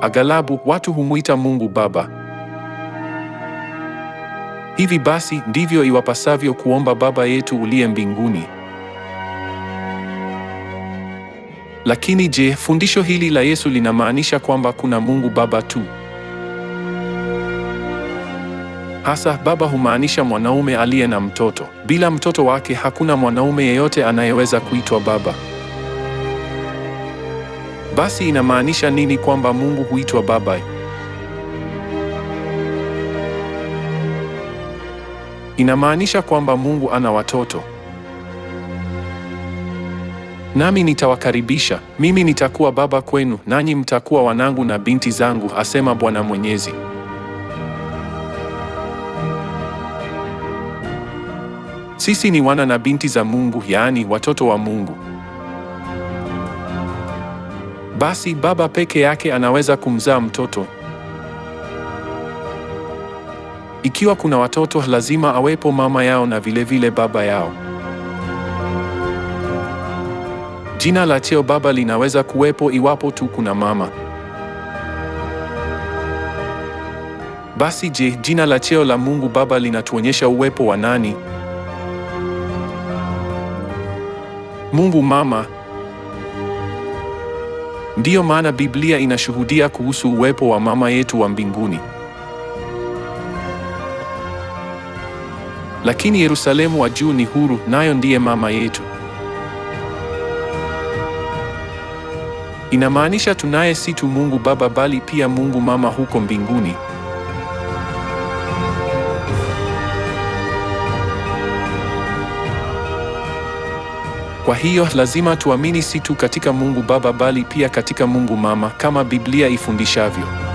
Aghalabu watu humwita Mungu Baba. Hivi basi ndivyo iwapasavyo kuomba Baba yetu uliye mbinguni. Lakini je, fundisho hili la Yesu linamaanisha kwamba kuna Mungu Baba tu? Hasa baba humaanisha mwanaume aliye na mtoto. Bila mtoto wake hakuna mwanaume yeyote anayeweza kuitwa baba. Basi inamaanisha nini kwamba Mungu huitwa Baba? Inamaanisha kwamba Mungu ana watoto. Nami nitawakaribisha, mimi nitakuwa baba kwenu, nanyi mtakuwa wanangu na binti zangu, asema Bwana Mwenyezi. Sisi ni wana na binti za Mungu, yaani watoto wa Mungu basi baba peke yake anaweza kumzaa mtoto. Ikiwa kuna watoto, lazima awepo mama yao na vilevile vile baba yao. Jina la cheo baba linaweza kuwepo iwapo tu kuna mama. Basi je, jina la cheo la Mungu Baba linatuonyesha uwepo wa nani? Mungu Mama Ndiyo maana Biblia inashuhudia kuhusu uwepo wa mama yetu wa mbinguni. Lakini Yerusalemu wa juu ni huru, nayo ndiye mama yetu. Inamaanisha tunaye si tu Mungu Baba bali pia Mungu Mama huko mbinguni. Kwa hiyo lazima tuamini si tu katika Mungu Baba bali pia katika Mungu Mama kama Biblia ifundishavyo.